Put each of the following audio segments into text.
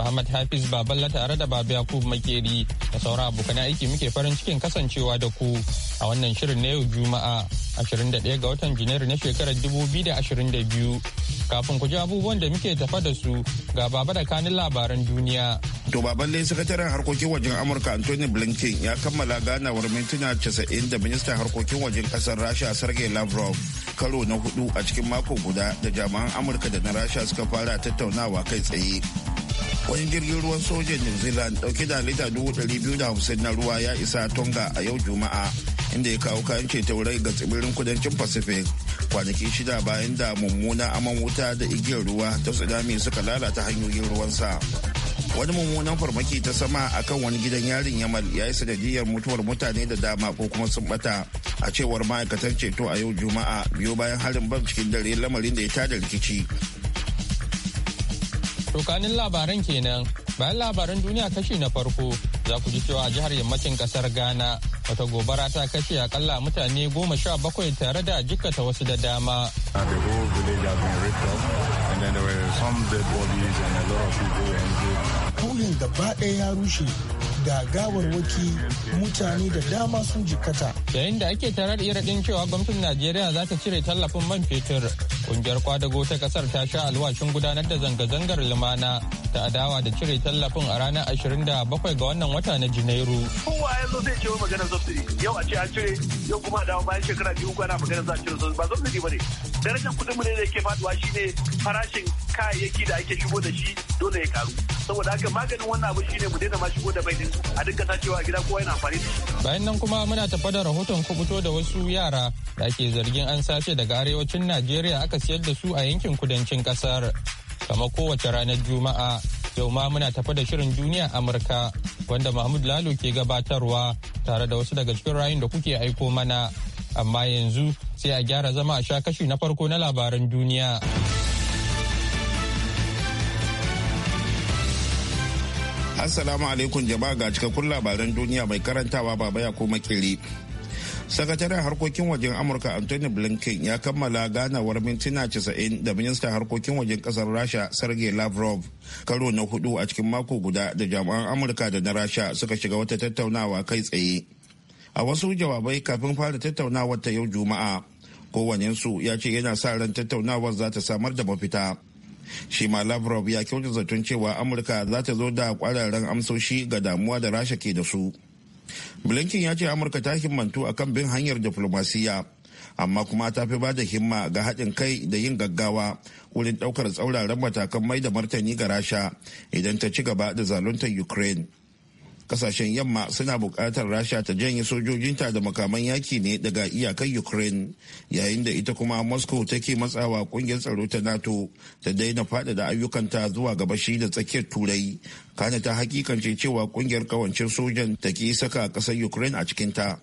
Muhammad Hafiz Baballa tare da Baba Yakub Makeri da sauran abokan aiki muke farin cikin kasancewa da ku a wannan shirin na yau Juma'a 21 ga watan Janairu na shekarar 2022. Kafin ku ji abubuwan da muke tafa da su ga Baba da kanin labaran duniya. To Baballe sakataren harkokin wajen Amurka Anthony Blinken ya kammala ganawar mintuna casa'in da ministan harkokin wajen kasar Rasha Sergei Lavrov karo na hudu a cikin mako guda da jami'an Amurka da na Rasha suka fara tattaunawa kai tsaye. wani jirgin ruwan sojan new zealand dauke da lita dubu ɗari biyu hamsin na ruwa ya isa tonga a yau juma'a inda ya kawo kayan ceto rai ga tsibirin kudancin pacific kwanaki shida bayan da mummuna aman wuta da igiyar ruwa ta tsunami suka lalata hanyoyin ruwansa wani mummunan farmaki ta sama akan wani gidan yarin yamal ya yi sanadiyar mutuwar mutane da dama ko kuma sun bata a cewar ma'aikatan ceto a yau juma'a biyo bayan harin bam cikin dare lamarin da ya tada rikici Tokanin labaran kenan bayan labaran duniya kashi na farko za ku ji cewa jihar yammacin kasar Ghana wata gobara ta kashe akalla mutane goma sha bakwai tare da jikata wasu da dama. Kaulin gaba ɗaya ya rushe da gawarwaki mutane da dama sun jikata. Yayin da ake tarar iradin cewa gwamnatin Najeriya za ta cire tallafin man fetur, kungiyar kwadago ta kasar ta sha alwashin gudanar da zanga-zangar lumana ta adawa da cire tallafin a ranar 27 ga wannan wata na Janairu. Kowa ya zo zai ce magana subsidy, yau a ce an cire, yau kuma a dawo bayan shekara biyu kwana magana za a cire subsidy ba subsidy ba ne. darajar kudin mu ne da yake faduwa shine farashin kayayyaki da ake shigo da shi dole ya karu saboda haka maganin wannan abu shine mu daina ma shigo da baidin a duk ta cewa gida kowa yana amfani da shi bayan nan kuma muna tafa da rahoton kubuto da wasu yara da ake zargin an sace daga arewacin Najeriya aka siyar da su a yankin kudancin kasar kamar kowace ranar Juma'a yau ma muna tafa da shirin duniya Amurka wanda Mahmud Lalo ke gabatarwa tare da wasu daga cikin rayun da kuke aiko mana amma yanzu sai a gyara zama a sha kashi na farko na labaran duniya. Assalamu alaikum jama'a ga cikakkun labaran duniya mai karantawa baba ya koma kiri. Sakataren harkokin wajen Amurka Anthony Blinken ya kammala ganawar mintuna 90 da ministan harkokin wajen kasar Rasha Sergei Lavrov karo na hudu a cikin mako guda da jami'an Amurka da na Rasha suka shiga wata tattaunawa kai tsaye. a wasu jawabai kafin fara tattaunawar ta yau juma'a kowanensu ya ce yana sa ran tattaunawar za ta samar da mafita shi ma lavrov ya kyauta zaton cewa amurka za ta zo da kwararren amsoshi ga damuwa da rasha ke da su blinken ya ce amurka ta himmantu a kan bin hanyar diflomasiyya amma kuma ta fi da himma ga haɗin kai da yin gaggawa wurin ɗaukar tsauraran matakan mai da martani ga rasha idan ta ci gaba da zaluntar ukraine kasashen yamma suna bukatar rasha ta janye sojojinta da makaman yaki ne daga iyakar ukraine yayin da ita kuma moscow take matsawa kungiyar tsaro ta nato ta daina faɗaɗa ayyukanta zuwa gabashi da tsakiyar turai kana ta hakikance cewa kungiyar kawancin sojan ta ke saka ƙasar ukraine a cikinta.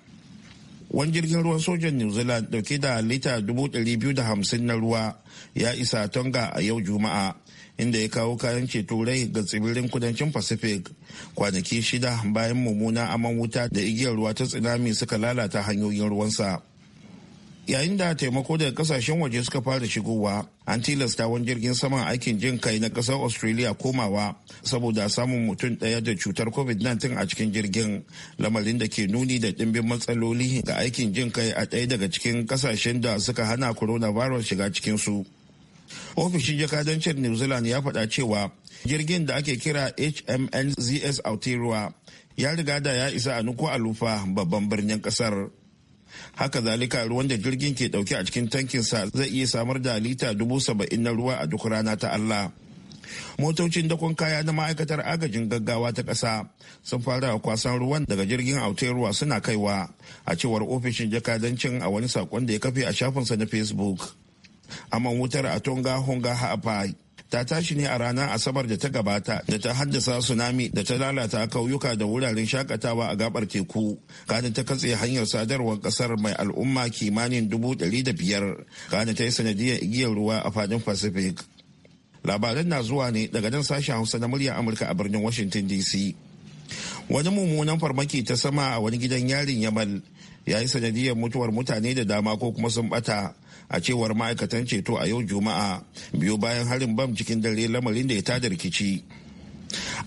wani jirgin ruwan sojan new zealand dauke da lita 250 na ruwa ya isa tonga a yau juma'a inda ya kawo kayan ceto rai ga tsibirin kudancin pacific kwanaki shida bayan mummuna aman wuta da igiyar ruwa ta tsunami suka lalata hanyoyin ruwansa yayin da taimako daga kasashen waje suka fara shigowa an tilasta wani jirgin saman aikin jin kai na ƙasar australia komawa saboda samun mutum daya da cutar covid-19 a cikin jirgin lamarin da ke nuni da dimbin matsaloli ga aikin jin kai a ɗaya daga cikin kasashen da suka hana coronavirus shiga cikinsu ofishin jakadancin new zealand ya faɗa cewa jirgin da ake kira hmnzs aotearoa ya riga da ya isa a nuku alufa babban birnin ƙasar haka zalika ruwan da jirgin ke dauke a cikin tankin sa zai iya samar da lita dubu saba'in na ruwa a duk rana ta allah motocin dakon kaya na ma'aikatar agajin gaggawa ta ƙasa sun fara kwasan ruwan daga jirgin auteruwa suna kaiwa a cewar ofishin jakadancin a wani sakon da ya kafe a shafinsa na facebook amma wutar a tonga honga ha'afai ta tashi ne a ranar asabar da ta gabata da ta haddasa tsunami da ta lalata kauyuka da wuraren shakatawa a gabar teku kana ta katse hanyar sadarwar kasar mai al'umma kimanin dubu ɗari da biyar kana ta yi sanadiyar igiyar ruwa a fadin pacific labaran na zuwa ne daga nan sashen hausa na muryar amurka a birnin washington dc wani mummunan farmaki ta sama a wani gidan yarin yamal ya yi sanadiyar mutuwar mutane da dama ko kuma sun bata a cewar ma'aikatan ceto a yau juma'a biyu bayan harin bam cikin dare lamarin da ya tada rikici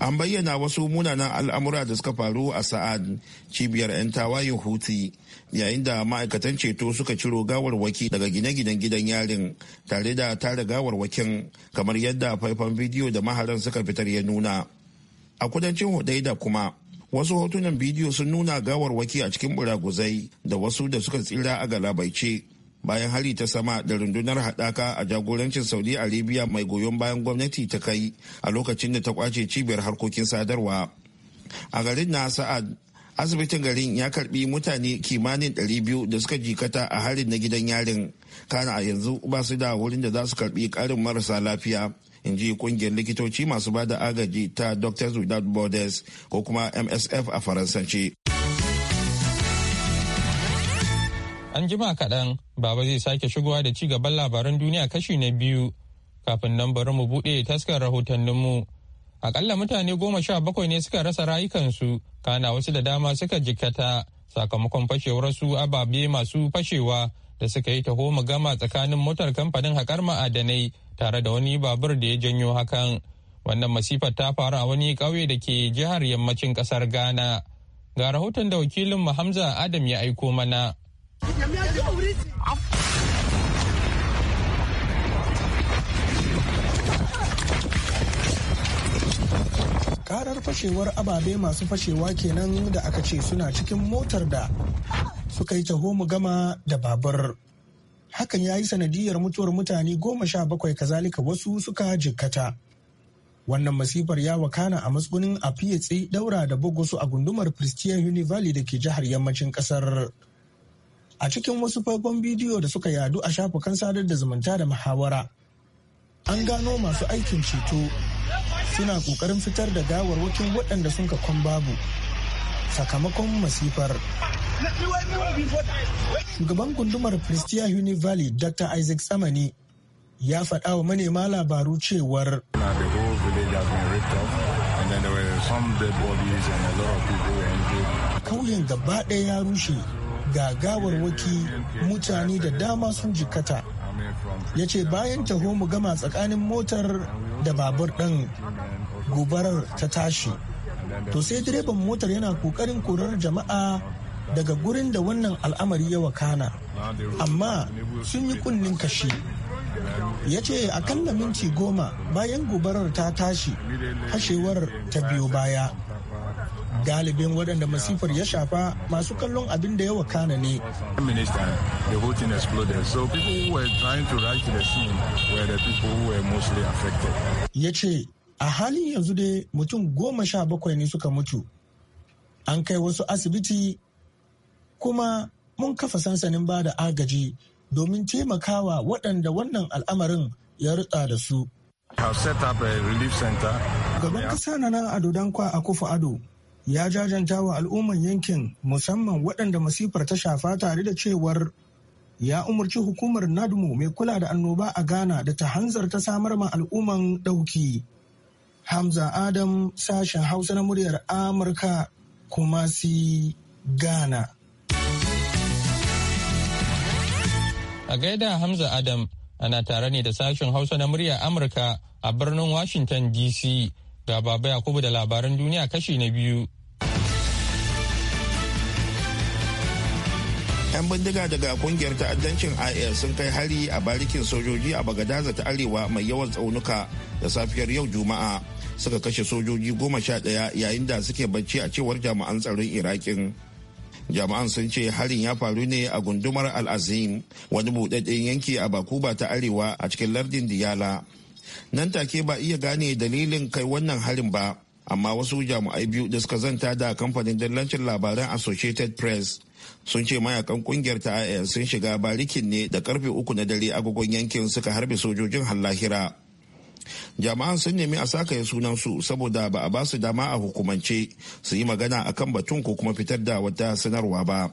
an bayyana wasu munanan al'amura da suka faru a sa'ad cibiyar 'yan tawayin huti yayin da ma'aikatan ceto suka ciro gawarwaki daga gine-ginen gidan yarin tare da tara gawarwakin kamar yadda faifan bidiyo da maharan suka fitar ya nuna a kudancin hudaida kuma wasu hotunan bidiyo sun nuna gawarwaki a cikin buraguzai da wasu da suka tsira a galabaice bayan hari ta sama da rundunar haɗaka a jagorancin saudi arabia mai goyon bayan gwamnati ta kai a lokacin da ta kwace cibiyar harkokin sadarwa a garin na sa'ad asibitin garin ya karbi mutane kimanin 200 da suka jikata a harin na gidan yarin kana a yanzu ba su da wurin da za su karbi karin marasa lafiya in ji kungiyar likitoci masu bada agaji ta doctors without borders ko kuma msf a faransanci. An jima kaɗan, Baba zai sake shigowa da ci gaban labaran duniya kashi na biyu. Kafin nan bari mu buɗe taskar rahotanninmu. Akalla mutane goma sha bakwai ne suka rasa rayukansu, kana wasu da dama suka jikkata sakamakon fashewar su ababe masu fashewa da suka yi taho gama tsakanin motar kamfanin haƙar ma'adanai tare da wani babur da ya janyo hakan. Wannan masifar ta faru a wani ƙauye da ke jihar yammacin ƙasar Ghana. Ga rahoton da wakilin Hamza Adam ya aiko mana. karar fashewar ababe masu fashewa kenan da aka ce suna cikin motar da suka yi taho mu gama da babur hakan ya yi sanadiyar mutuwar mutane goma sha bakwai kazalika wasu suka jikkata wannan masifar ya wakana a matsugunin a daura da bugusu a gundumar christian univali da ke jihar yammacin kasar a cikin wasu faifan bidiyo da suka yadu a shafukan sadar da zumunta da muhawara an gano masu aikin ceto suna kokarin fitar da gawarwakin waɗanda sun kakon babu sakamakon masifar shugaban gundumar christian uni valley dr isaac tsamani ya faɗa wa manema labaru cewar kauyen gaba ɗaya ya rushe ga waki, mutane da dama sun jikata ya ce bayan taho mu gama tsakanin motar da babur ɗan gobarar ta tashi to sai direban motar yana kokarin korar jama'a daga gurin da wannan al'amari ya wakana amma sun yi kunnin kashi ya ce akalla minti goma bayan gobarar ta tashi hashewar ta biyo baya galibin waɗanda masifar ya shafa masu kallon abin da ya wakana ne ya ce a halin yanzu dai mutum goma sha bakwai ne suka mutu an kai wasu asibiti kuma mun kafa sansanin ba da agaji domin taimakawa waɗanda wannan al'amarin ya rutsa da su. Gaban kasa na nan a dodon kwa a Kufu Ado ya jajanta wa al'umman yankin musamman waɗanda masifar ta shafa tare da cewar ya umarci hukumar nadmo mai kula da annoba a ghana da ta hanzarta samar ma al'umman ɗauki hamza adam sashen hausa na muryar amurka kuma si ghana a gaida hamza adam ana tare ne da sashen hausa na muryar amurka a birnin washington dc ga baba yakubu da labaran duniya kashi na biyu 'yan bindiga daga kungiyar ta'addancin IL sun kai hari a barikin sojoji a bagadaza ta arewa mai yawan tsaunuka da safiyar yau juma'a suka kashe sojoji goma sha ɗaya yayin da suke bacci a cewar jami'an tsaron irakin jami'an sun ce harin ya faru ne a gundumar al'azim wani buɗaɗɗen yanki a bakuba ta arewa a cikin lardin diyala nan take ba iya gane dalilin kai wannan harin ba amma wasu jami'ai biyu da suka zanta da kamfanin dallancin labaran associated press sun ce mayakan kungiyar ta is sun shiga barikin ne da karfe uku na dare agogon yankin suka harbe sojojin hallahira jama'an sun nemi a saka ya sunan su saboda ba a ba su dama a hukumance su yi magana a kan batun ko kuma fitar da wata sanarwa ba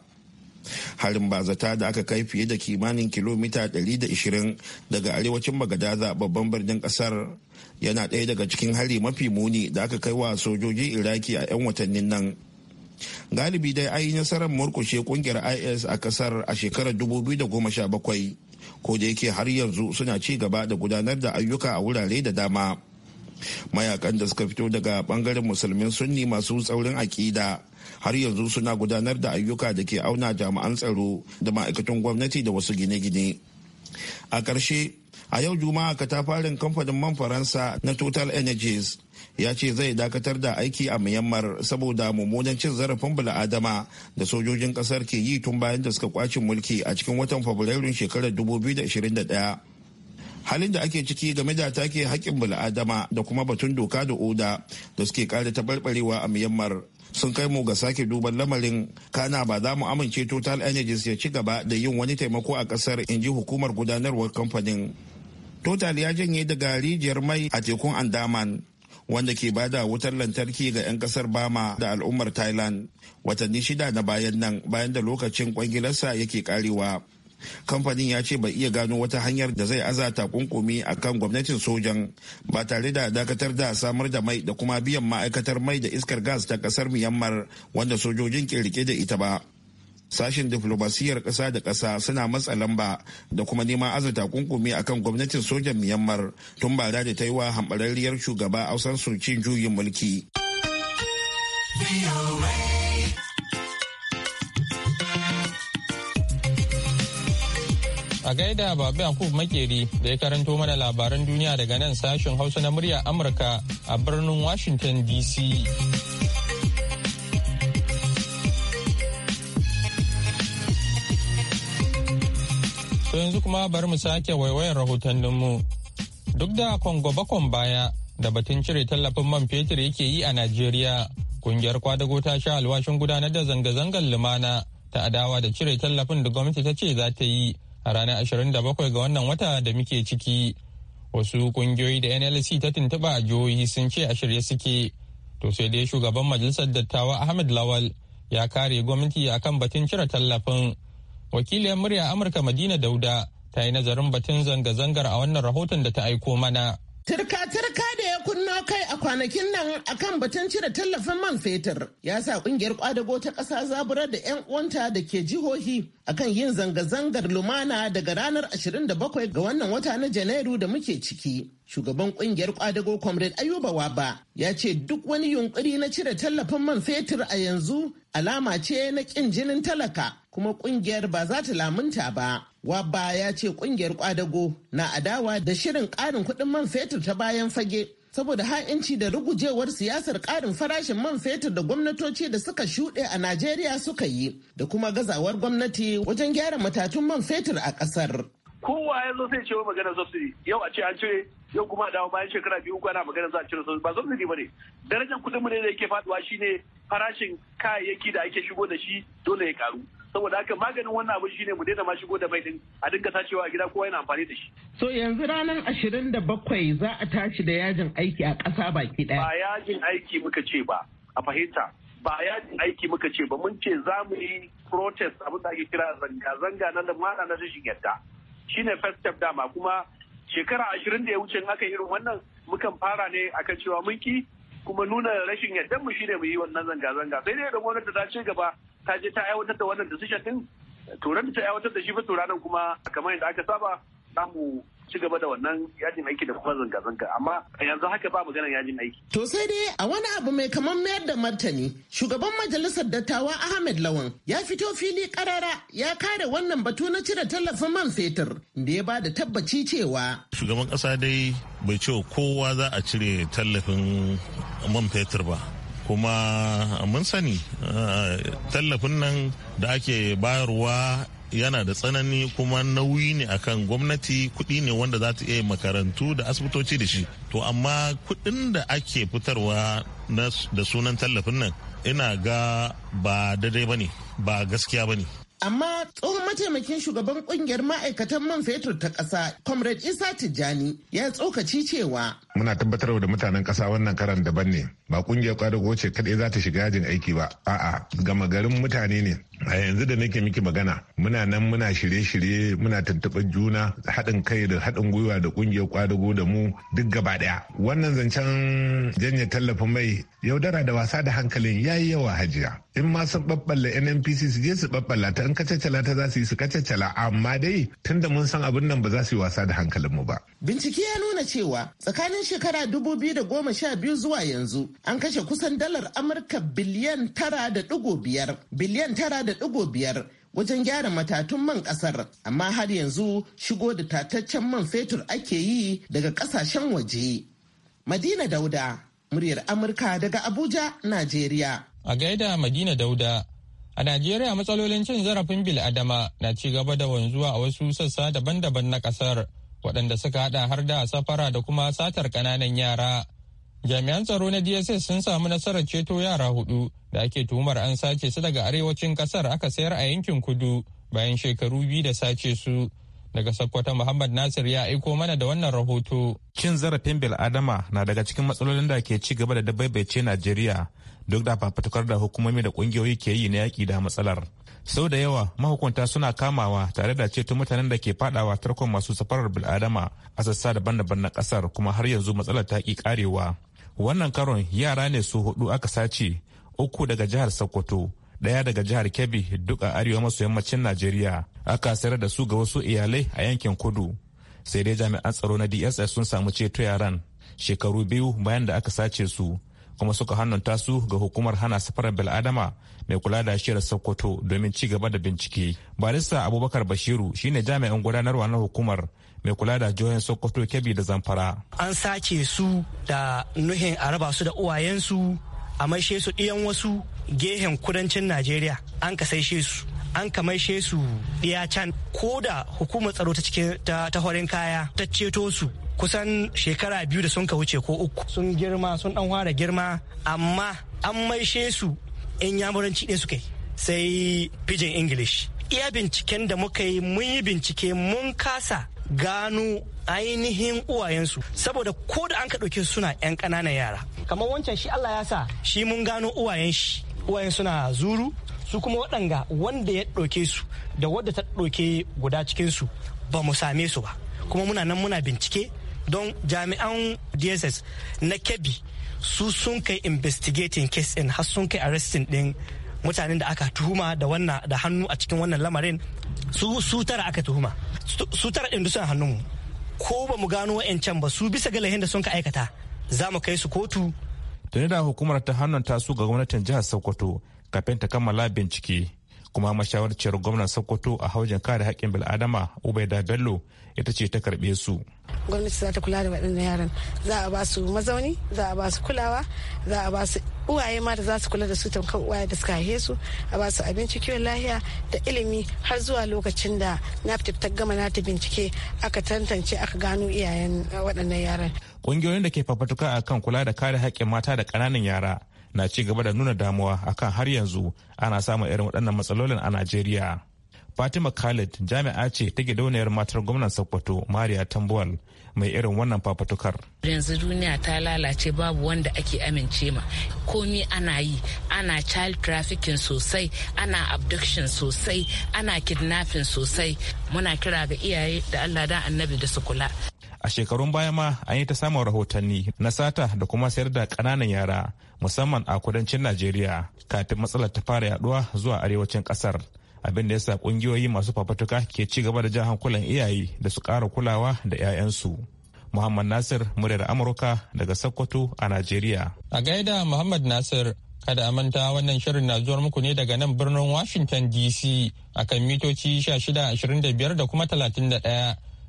harin bazata da aka kai fiye da kimanin kilomita 120 daga arewacin bagadaza babban birnin kasar yana ɗaya daga cikin hari mafi muni da aka kai wa sojojin iraki a 'yan watannin nan galibi dai ayi nasarar murkushe kungiyar is a kasar a shekarar 2017 ko da yake har yanzu suna ci gaba da gudanar da ayyuka a wurare da dama mayakan da suka fito daga bangaren musulmin sunni masu tsaurin akida har yanzu suna gudanar da ayyuka da ke auna jami'an tsaro da ma'aikatan gwamnati da wasu gine-gine a ƙarshe a yau juma'a katafarin kamfanin man faransa na total energies ya ce zai dakatar da aiki a Myanmar saboda mummunan cin zarafin bil'adama da sojojin kasar ke yi tun bayan da suka kwace mulki a cikin watan Fabrairun shekarar 2021. Halin da ake ciki game da take haƙƙin bil'adama da kuma batun doka da oda da suke ƙara taɓarɓarewa a Myanmar sun kai mu ga sake duban lamarin kana ba za mu amince total energies ya ci gaba da yin wani taimako a kasar in ji hukumar gudanarwar kamfanin total ya janye daga rijiyar mai a tekun andaman wanda ke bada wutar lantarki ga 'yan kasar bama da al'ummar thailand watanni shida na bayan nan bayan da lokacin kwangilarsa yake karewa kamfanin ya ce bai iya gano wata hanyar da zai aza takunkumi a kan gwamnatin sojan ba tare da dakatar da samar da mai da kuma biyan ma'aikatar mai da iskar gas ta kasar myanmar wanda sojojin ke rike da ita ba sashen diflomasiyyar ƙasa da ƙasa suna matsa lamba da kuma neman azata kunkumi akan gwamnatin sojan myanmar tun ba da ta yi wa hambarariyar shugaba ausan surcin juyin mulki a gaida babu yakub makeri da ya karanto mana labaran duniya daga nan sashen hausa na murya amurka a birnin washington dc To yanzu kuma bari mu sake waiwayar rahotanninmu. Duk da bakon baya da batun cire tallafin man fetur yake yi a Najeriya, kungiyar kwadago ta sha alwashin gudanar da zanga-zangar lumana ta adawa da cire tallafin da gwamnati ta ce za ta yi a ranar 27 ga wannan wata da muke ciki. Wasu kungiyoyi da NLC ta tuntuɓa a jihohi sun ce a shirye suke. To sai dai shugaban majalisar dattawa Ahmed Lawal ya kare gwamnati akan batun cire tallafin. wakiliyar murya amurka madina dauda ta yi nazarin batun zanga-zangar a wannan rahoton da ta aiko mana Turka-turka da ya kunno kai a kwanakin nan akan batun cire tallafin man fetur ya sa kungiyar kwadago ta ƙasa zaburar da 'yan uwanta da ke jihohi akan yin zanga-zangar lumana daga ranar 27 ga wannan wata na Janairu da muke ciki. Shugaban kungiyar kwadago Comrade Ayuba Waba ya ce duk wani yunkuri na cire tallafin man fetur a yanzu alama ce na ƙin jinin talaka kuma kungiyar ba za ta lamunta ba. Wabba ya ce kungiyar kwadago na adawa da shirin ƙarin kuɗin man fetur ta bayan fage. Saboda ha'inci da rugujewar siyasar ƙarin farashin man fetur da gwamnatoci da suka shuɗe a Najeriya suka yi da kuma gazawar gwamnati wajen gyara matatun man fetur a ƙasar. Kowa ya zo sai wa maganar subsidy yau a ce an cire yau kuma dawo bayan shekara biyu kwana magana za a cire ba subsidy ba ne darajar kuɗin mu ne da yake faduwa shine farashin kayayyaki da ake shigo da shi dole ya karu saboda haka maganin wannan abu shine mu daina ma shigo da mai din a dinka tacewa a gida kowa yana amfani da shi so yanzu ranar ashirin da bakwai za a tashi da yajin aiki a ƙasa baki ɗaya ba yajin aiki muka ce ba a fahimta ba yajin aiki muka ce ba mun ce za mu yi protest abin da ake kira zanga-zanga na mana na rashin yarda shine first step dama kuma shekara ashirin da ya wuce in aka irin wannan mukan fara ne akan cewa mun ki kuma nuna rashin yadda mu shine mu yi wannan zanga-zanga sai dai da gwamnati ta ci gaba ta je ta aiwatar da wannan decision din turan ta aiwatar da shi ba turanan kuma kamar yadda aka saba za mu ci gaba da wannan yajin aiki da kuma zanga-zanga amma yanzu haka ba maganar yajin aiki. To sai dai a wani abu mai kamar mayar da martani shugaban majalisar dattawa Ahmed Lawan ya fito fili karara ya kare wannan batu na cire tallafin man fetur da ya ba da tabbaci cewa. Shugaban kasa dai bai ce kowa za a cire tallafin man fetur ba. kuma mun sani eh, tallafin nan da ake bayarwa yana da tsanani kuma nauyi ne akan gwamnati kuɗi ne wanda za ta iya makarantu da asibitoci da shi to amma kuɗin da ake fitarwa da sunan tallafin nan ina ga ba daidai ba ne ba gaskiya ba ne amma tsohon mataimakin shugaban kungiyar ma'aikatan man fetur ta ƙasa comrade isa tijjani ya tsokaci cewa muna tabbatar da mutanen ƙasa wannan karan daban ne ba kungiyar kwadago ce kadai za ta shiga yajin aiki ba a'a gama garin mutane ne a yanzu da nake miki magana muna nan muna shirye-shirye muna tattaɓa juna haɗin kai da haɗin gwiwa da ƙungiyar kwadago da mu duk gaba ɗaya wannan zancen janye tallafin mai yaudara da wasa da hankalin ya yi yawa hajiya in ma sun ɓaɓɓalla nnpc su je su ɓaɓɓalla ta in kacacala ta za su yi su kacacala amma dai tun da mun san abin nan ba za su yi wasa da hankalin mu ba. bincike ya nuna cewa tsakanin shekara dubu biyu da goma sha biyu zuwa yanzu an kashe kusan dalar amurka biliyan tara da ɗigo biyar biliyan tara da ɗigo biyar wajen gyara matatun man ƙasar amma har yanzu shigo da tataccen man fetur ake yi daga ƙasashen waje. Madina Dauda, muryar Amurka daga Abuja, Najeriya. A gaida Madina Dauda, a Najeriya matsalolin cin zarafin bil'adama na ci gaba da wanzuwa a wasu sassa daban-daban na ƙasar waɗanda suka haɗa har da safara da kuma satar ƙananan yara. jami'an tsaro na dss sun samu nasarar ceto yara hudu da ake tuhumar an sace su daga arewacin kasar aka sayar a yankin kudu bayan shekaru biyu da sace su daga sakkwata muhammad nasir ya aiko mana da wannan rahoto cin zarafin bil'adama na daga cikin matsalolin da ke ci gaba da dabaibaice najeriya duk da fafatukar da hukumomi da kungiyoyi ke yi na yaki da matsalar sau da yawa mahukunta suna kamawa tare da ceto mutanen da ke fadawa tarkon masu safarar bil'adama a sassa daban-daban na kasar kuma har yanzu matsalar ta ƙi karewa wannan karon yara ne su hudu aka sace uku daga jihar sokoto daya daga jihar kebbi duk a arewa maso yammacin najeriya aka sayar da su ga wasu iyalai a yankin kudu sai dai jami'an tsaro na dss sun samu ceto yaran shekaru biyu bayan da aka sace su kuma suka hannunta su ga hukumar hana safarar bil'adama mai kula da shirar sokoto domin ci gaba da bincike barista abubakar bashiru shine jami'in gudanarwa na hukumar mai kula da jihohin sokoto kebbi da zamfara an sace su da nuhin a raba su da uwayensu a maishe su ɗiyan wasu gehen kudancin najeriya an ka saishe su an maishe su ɗiya can ko da hukumar tsaro ta cikin ta horin kaya ta ceto su kusan shekara biyu da sun ka wuce ko uku sun girma sun dan fara girma amma an maishe su in yamuranci ɗin suke. sai pidgin english iya binciken da muka yi mun yi bincike mun kasa gano ainihin uwayensu saboda ko da an ka ɗauke suna 'yan ƙananan yara kamar wancan shi Allah ya sa shi mun gano uwayen shi uwayen suna zuru su kuma waɗanga wanda ya ɗauke su da wadda ta ɗauke guda cikinsu ba mu same su ba kuma muna nan muna bincike don jami'an dss na kebbi su sun kai investigating case in har sun kai arresting din mutanen da aka tuhuma da wannan da hannu a cikin wannan lamarin su su tara aka tuhuma su tara din hannun hannun ko ba mu gano wa'ancan ba su bisa ga da sun ka aikata za mu kai su kotu tare da hukumar ta hannun ta su ga gwamnatin jihar sokoto kafin ta kammala bincike kuma mashawarciyar gwamnan sokoto a haujin kare haƙƙin bil'adama ubaida bello ita ce ta karɓe su gwamnati za ta kula da waɗannan yaran za a ba su mazauni za a ba su kulawa za a ba su uwaye ma da za su kula da su tamkar uwaye da suka haife su a ba su abinci kiwon lahiya da ilimi har zuwa lokacin da na ta gama na ta bincike aka tantance aka gano iyayen waɗannan yaran ƙungiyoyin da ke fafatuka akan kula da kare haƙƙin mata da ƙananan yara na ci gaba da nuna damuwa akan har yanzu ana samun irin waɗannan matsalolin a najeriya fatima khalid jami'a ce ta gidauniyar matar gwamnan sokoto mariya tambuwal mai irin wannan fafatukar yanzu duniya ta lalace babu wanda ake amince ma komi ana yi ana child trafficking sosai ana abduction sosai ana kidnapping sosai muna kira ga iyaye da allah da annabi da su kula a shekarun baya ma an yi ta samun rahotanni na sata da kuma sayar da ƙananan yara musamman a kudancin najeriya kafin matsalar ta fara yaduwa zuwa arewacin kasar abin da yasa kungiyoyi masu fafatuka ke ci gaba da jan hankulan iyaye da su kara kulawa da 'ya'yansu. Muhammad Nasir muryar Amurka daga Sokoto a Najeriya. A gaida Muhammad Nasir kada a manta wannan shirin na zuwar muku ne daga nan birnin Washington DC akan mitoci 1625 da kuma 31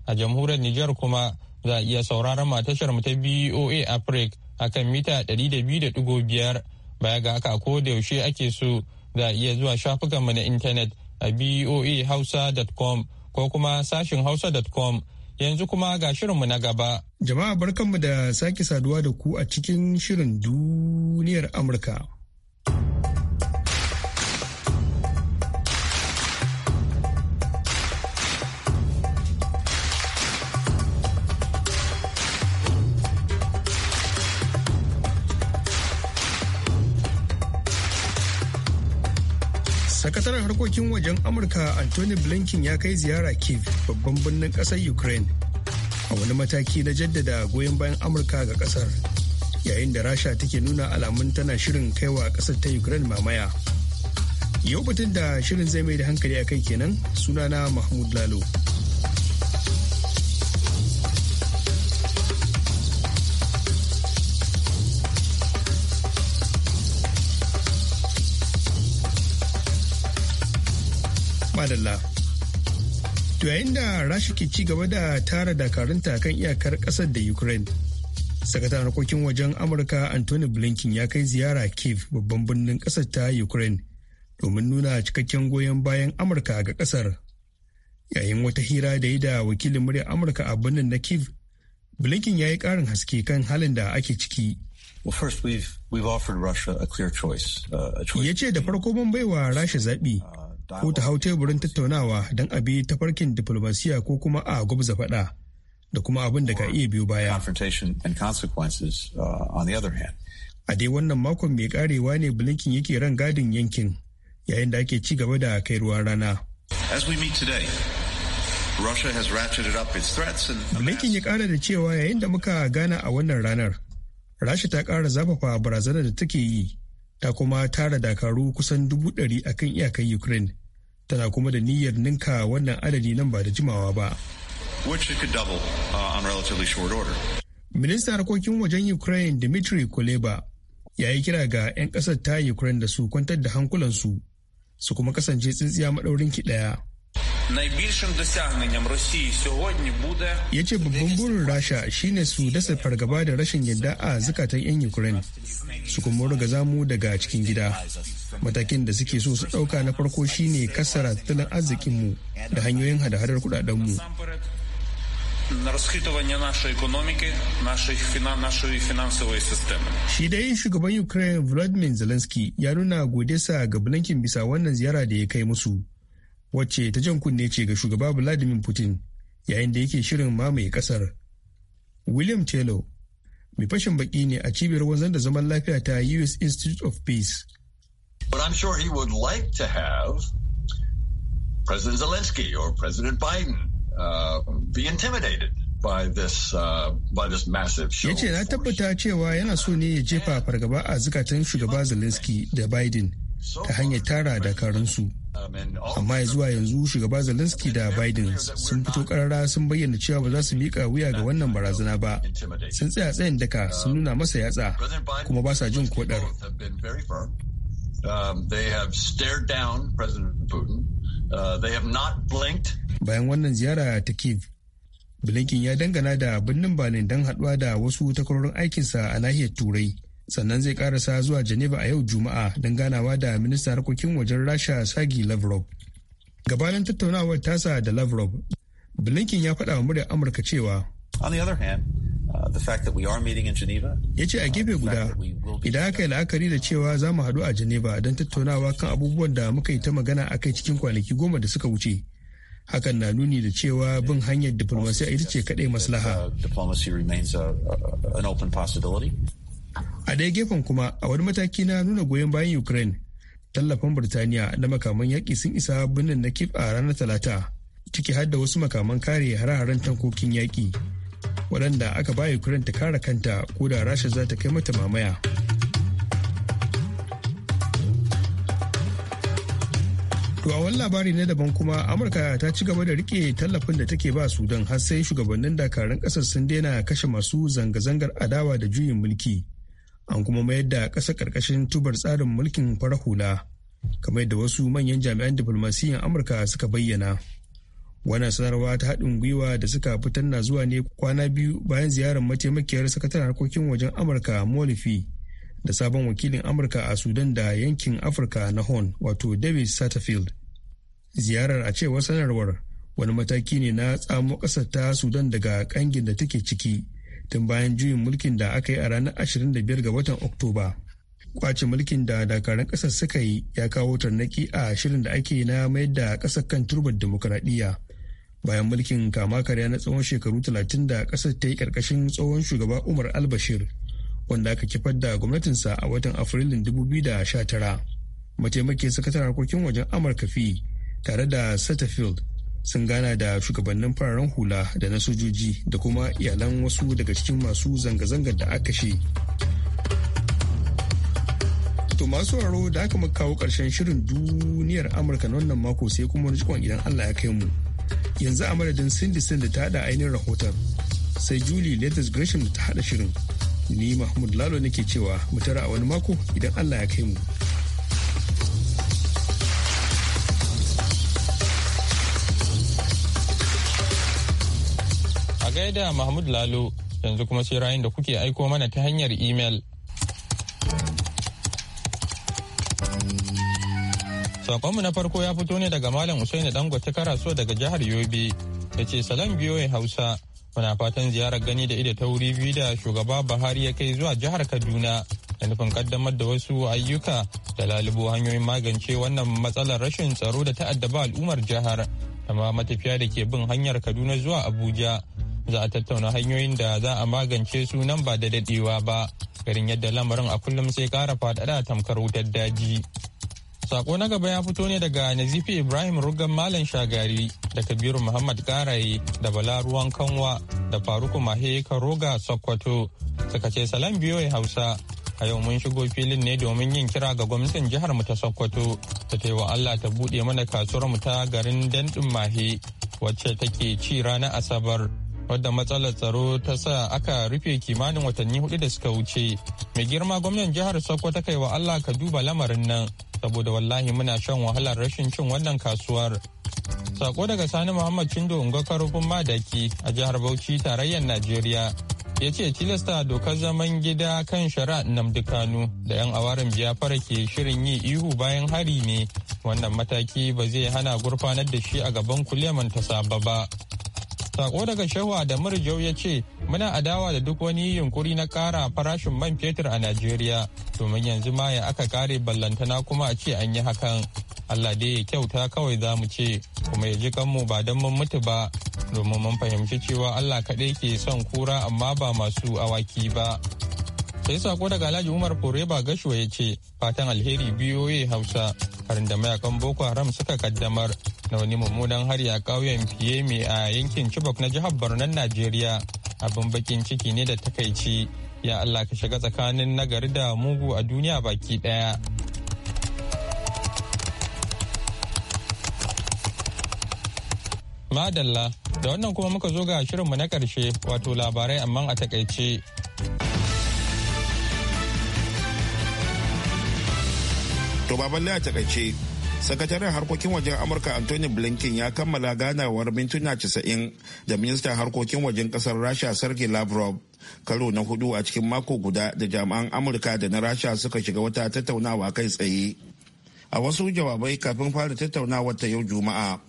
a jamhuriyar Nijar kuma za a iya sauraron tashar mu ta BOA Africa akan mita 200.5 baya ga haka ko da yaushe ake so za a iya zuwa shafukan mu na intanet a boahausa.com ko kuma sashin hausa.com yanzu kuma ga shirin mu na gaba. Jama'a barkanmu da sake saduwa da ku a cikin shirin duniyar Amurka. sakataren harkokin wajen amurka anthony blinken ya kai ziyara kiev babban birnin kasar ukraine a wani mataki na jaddada goyon bayan amurka ga kasar yayin da rasha take nuna alamun tana shirin kaiwa kasar ta ukraine mamaya yau batun da shirin zai mai da hankali a kai kenan sunana mahmud lalo madalla. To yayin da Rasha ke ci gaba da tara dakarunta kan iyakar ƙasar da Ukraine. Sakataren harkokin wajen Amurka Anthony Blinken ya kai ziyara Kiev babban birnin ƙasar ta Ukraine domin nuna cikakken goyon bayan Amurka ga ƙasar. Yayin wata hira da yi da wakilin muryar Amurka a birnin na Kiev, Blinken ya yi ƙarin haske kan halin da ake ciki. Uh, ya ce da farko mun baiwa Rasha zaɓi ko ta hau teburin tattaunawa don abi ta farkin diflomasiya ko kuma a gwabza faɗa da kuma abin da ka iya biyu baya. Uh, a dai wannan makon mai karewa ne Blinken yake ran gadin yankin yayin da ake ci gaba da kai ruwan rana. Blinken ya kara da cewa yayin da muka gana a wannan ranar, Rasha ta kara zafafa barazanar da take yi ta kuma tara dakaru kusan dubu ɗari a kan iyakar ukraine tana kuma da niyyar ninka wannan adadi nan ba da jimawa ba uh, ministan harkokin wajen ukraine dmitry kuleba ya yi kira ga 'yan ƙasar ta ukraine da su kwantar da hankulansu su kuma kasance tsintsiya maɗaurin ki ɗaya найбільшим досягненням Росії сьогодні ce babban burin Rasha shine su dasa fargaba da rashin yadda a zukatan 'yan Ukraine su kuma ruga mu daga cikin gida. Matakin da suke so su ɗauka na farko shine kasara tattalin arzikinmu da hanyoyin hadahadar hadar mu. на розхитування нашої Shi dai shugaban Ukraine Vladimir Zelensky ya nuna godesa ga Blinken bisa wannan ziyara da ya kai musu. wacce ta jan kunne ce ga shugaba vladimir putin yayin da yake shirin mamaye kasar william taylor mai fashin baki ne a cibiyar wanzan da zaman lafiya ta us institute of peace But I'm sure he would like to have President Zelensky or President Biden uh, be intimidated by this, uh, na tabbata cewa yana so ne ya jefa fargaba a zukatan shugaba Zelensky da Biden ta hanyar tara dakarunsu Amma zuwa yanzu shugaba Zelensky da Biden sun fito karara sun bayyana cewa ba za su miƙa wuya ga wannan barazana ba. Sun tsaya tsayin daka sun nuna masa yatsa kuma ba sa jin kodar. Um, uh, Bayan wannan ziyara ta Kiev, Blinken ya dangana da birnin Berlin don haɗuwa da wasu takwarorin aikinsa a nahiyar Turai. sannan zai karasa zuwa geneva a yau juma'a don ganawa da ministan harkokin wajen rasha sagi lavrov gabanin tattaunawar tasa da lavrov blinken ya faɗa wa muryar amurka cewa ya ce a uh, gefe guda idan aka yi la'akari da cewa za mu haɗu a geneva don tattaunawa kan abubuwan da muka yi ta magana a kai cikin kwanaki goma da suka wuce hakan na nuni da cewa bin hanyar diplomasiya ita ce kaɗai maslaha uh, a ɗaya gefen kuma a wani mataki na nuna goyon bayan ukraine tallafin birtaniya na makaman yaƙi sun isa birnin na kif a ranar talata ciki har da wasu makaman kare hare-haren tankokin yaƙi waɗanda aka ba ukraine ta kare kanta ko da rasha za ta kai mata mamaya To a wani labari na daban kuma Amurka ta ci gaba da rike tallafin da take ba Sudan har sai shugabannin dakarun kasar sun daina kashe masu zanga-zangar adawa da juyin mulki. an kuma mayar da ƙasa ƙarƙashin tubar tsarin mulkin farar hula kamar da wasu manyan jami'an diflomasiyyar amurka suka bayyana wannan sanarwa ta haɗin gwiwa da suka fitar na zuwa ne kwana biyu bayan ziyarar mataimakiyar sakataren harkokin wajen amurka molifi da sabon wakilin amurka a sudan da yankin afirka na horn wato david satterfield ziyarar a cewar sanarwar wani mataki ne na tsamo ƙasar ta sudan daga ƙangin da take ciki tun bayan juyin mulkin da aka yi a ranar 25 ga watan Oktoba. Kwace mulkin da dakarun ƙasar suka yi ya kawo tarnaki a shirin da ake na mayar da ƙasar kan turbar demokuraɗiyya. Bayan mulkin kama karya na tsawon shekaru 30 da ƙasar ta yi ƙarƙashin tsohon shugaba Umar Albashir, wanda aka kifar da gwamnatinsa a watan Afrilun 2019. Mataimakin sakataren harkokin wajen Amurka fi tare da Satterfield sun gana da shugabannin fararen hula da na sojoji da kuma iyalan wasu daga cikin masu zanga-zangar da aka shi. To masu sauraro da aka kawo ƙarshen shirin duniyar Amurka na wannan mako sai kuma jikon idan Allah ya kai mu. Yanzu a madadin Cindy da ta haɗa ainihin rahoton sai Julie Letters Gresham da ta haɗa shirin. Ni Mahmud Lalo nake cewa mu tara a wani mako idan Allah ya kai mu. gaida Mahmud Lalo yanzu kuma sai rayun da kuke aiko mana ta hanyar imel. Sakonmu na farko ya fito ne daga Malam Usaini Dangote Karaso daga jihar Yobe da ce salam biyoyi Hausa muna fatan ziyarar gani da ida ta wuri biyu da shugaba Buhari ya kai zuwa jihar Kaduna da nufin kaddamar da wasu ayyuka da lalubo hanyoyin magance wannan matsalar rashin tsaro da ta'addaba al'ummar jihar da ma matafiya da ke bin hanyar Kaduna zuwa Abuja za a tattauna hanyoyin da za a magance su nan ba da dadewa ba garin yadda lamarin a kullum sai kara faɗaɗa tamkar wutar daji sako na gaba ya fito ne daga nazifi ibrahim rugan malam shagari da kabiru muhammad karaye da bala ruwan kanwa da faruku mahe karoga sokoto suka ce salam ya hausa a yau mun shigo filin ne domin yin kira ga gwamnatin jihar mu ta sokoto ta wa allah ta buɗe mana kasuwar mu ta garin dandin mahe wacce take ci rana asabar wadda matsalar tsaro ta sa aka rufe kimanin watanni hudu da suka wuce mai girma gwamnan jihar sokoto ta kai wa allah ka duba lamarin nan saboda wallahi muna shan wahalar rashin cin wannan kasuwar sako daga sani muhammad cindo ungwaka rufin madaki a jihar bauchi tarayyar najeriya ya ce tilasta dokar zaman gida kan shari'a namdi kanu da 'yan awarin biyafara ke shirin yi ihu bayan hari ne wannan mataki ba zai hana gurfanar da shi a gaban kuleman ta saba ba Sako daga Shehu da murjau ya ce muna adawa da duk wani yunkuri na ƙara farashin man fetur a Najeriya domin yanzu ma ya aka kare ballantana kuma a ce an yi hakan. Allah dai ya kyauta kawai za mu ce kuma ya ji kanmu ba don mun mutu ba domin mun fahimci cewa Allah kaɗai ke son kura amma ba masu awaki ba. sai sako daga alhaji umar foreba gashuwa ya ce fatan alheri ya hausa harin da mayakan boko haram suka kaddamar na wani mummunan hari a ƙauyen mai a yankin Chibok na jihar borno Najeriya. Abin bakin ciki ne da takaici. Ya Allah ka shiga tsakanin nagari da mugu a duniya baki ɗaya. Madalla, da wannan kuma muka zo ga shirinmu na karshe wato labarai amma a takaice. To baballe a takaice sakataren harkokin wajen amurka anthony blinken ya kammala ganawar mintuna 90 da ministan harkokin wajen kasar rasha sergei lavrov karo na hudu a cikin mako guda da jami'an amurka da na rasha suka shiga wata tattaunawa kai tsaye a wasu jawabai kafin fara tattaunawar ta yau juma'a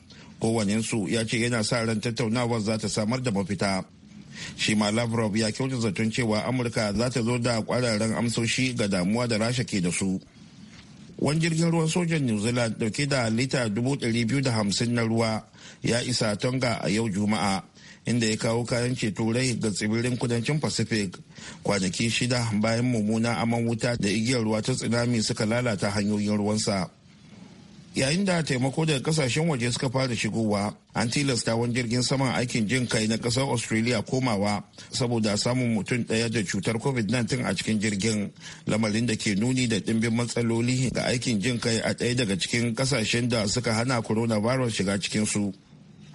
kowanensu ya ce yana sa ran tattaunawar za ta samar da mafita shi ma lavrov ya kyauta zaton cewa amurka za ta zo da kwararren amsoshi ga damuwa da rasha ke da su wani jirgin ruwan sojan new zealand dauke da lita 250 na ruwa ya isa tonga a yau juma'a inda ya kawo kayan ceto rai ga tsibirin kudancin pacific kwanaki shida bayan mummuna aman wuta da igiyar ruwa ta tsunami suka lalata hanyoyin ruwansa yayin da taimako daga kasashen waje suka fara shigowa an tilasta wani jirgin saman aikin jin kai na kasar australia komawa saboda samun mutum ɗaya da cutar covid-19 a cikin jirgin lamarin da ke nuni da ɗimbin matsaloli ga aikin jin kai a ɗaya daga cikin kasashen da suka hana coronavirus shiga cikinsu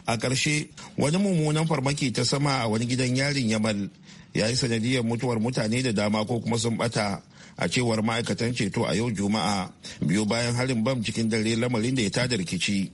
a ƙarshe wani mummunan farmaki ta sama a wani gidan yarin yamal ya yi sanadiyar mutuwar mutane da dama ko kuma sun bata a cewar ma'aikatan ceto a yau juma'a biyu bayan harin bam cikin dare lamarin da ya ta da rikici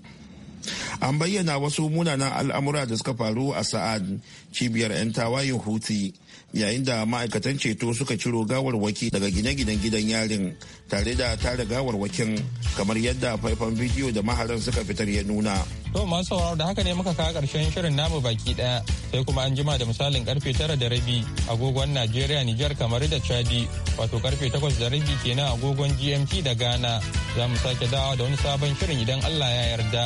an bayyana wasu munanan al'amura da suka faru a sa'ad cibiyar 'yan tawayin huti yayin da ma'aikatan ceto suka ciro gawarwaki daga gine-ginen gidan yarin tare da tara gawarwakin kamar yadda faifan bidiyo da maharan suka fitar ya nuna to masu sauraro da haka ne muka kawo karshen shirin namu baki daya sai kuma an jima da misalin karfe tara da rabi agogon najeriya nijar kamar da chadi wato karfe takwas da rabi kenan agogon gmt da ghana za mu sake dawa da wani sabon shirin idan allah ya yarda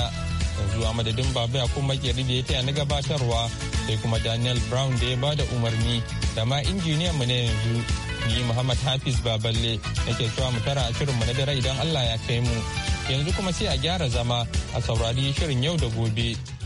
yanzu a madadin baba ya kuma da ya taya na gabatarwa sai kuma daniel brown da ya ba da umarni da ma injiniyan mu ne yanzu ni muhammad hafiz baballe nake cewa mu tara a shirin mu na dare idan allah ya kai mu yanzu kuma sai a gyara zama a saurari shirin yau da gobe.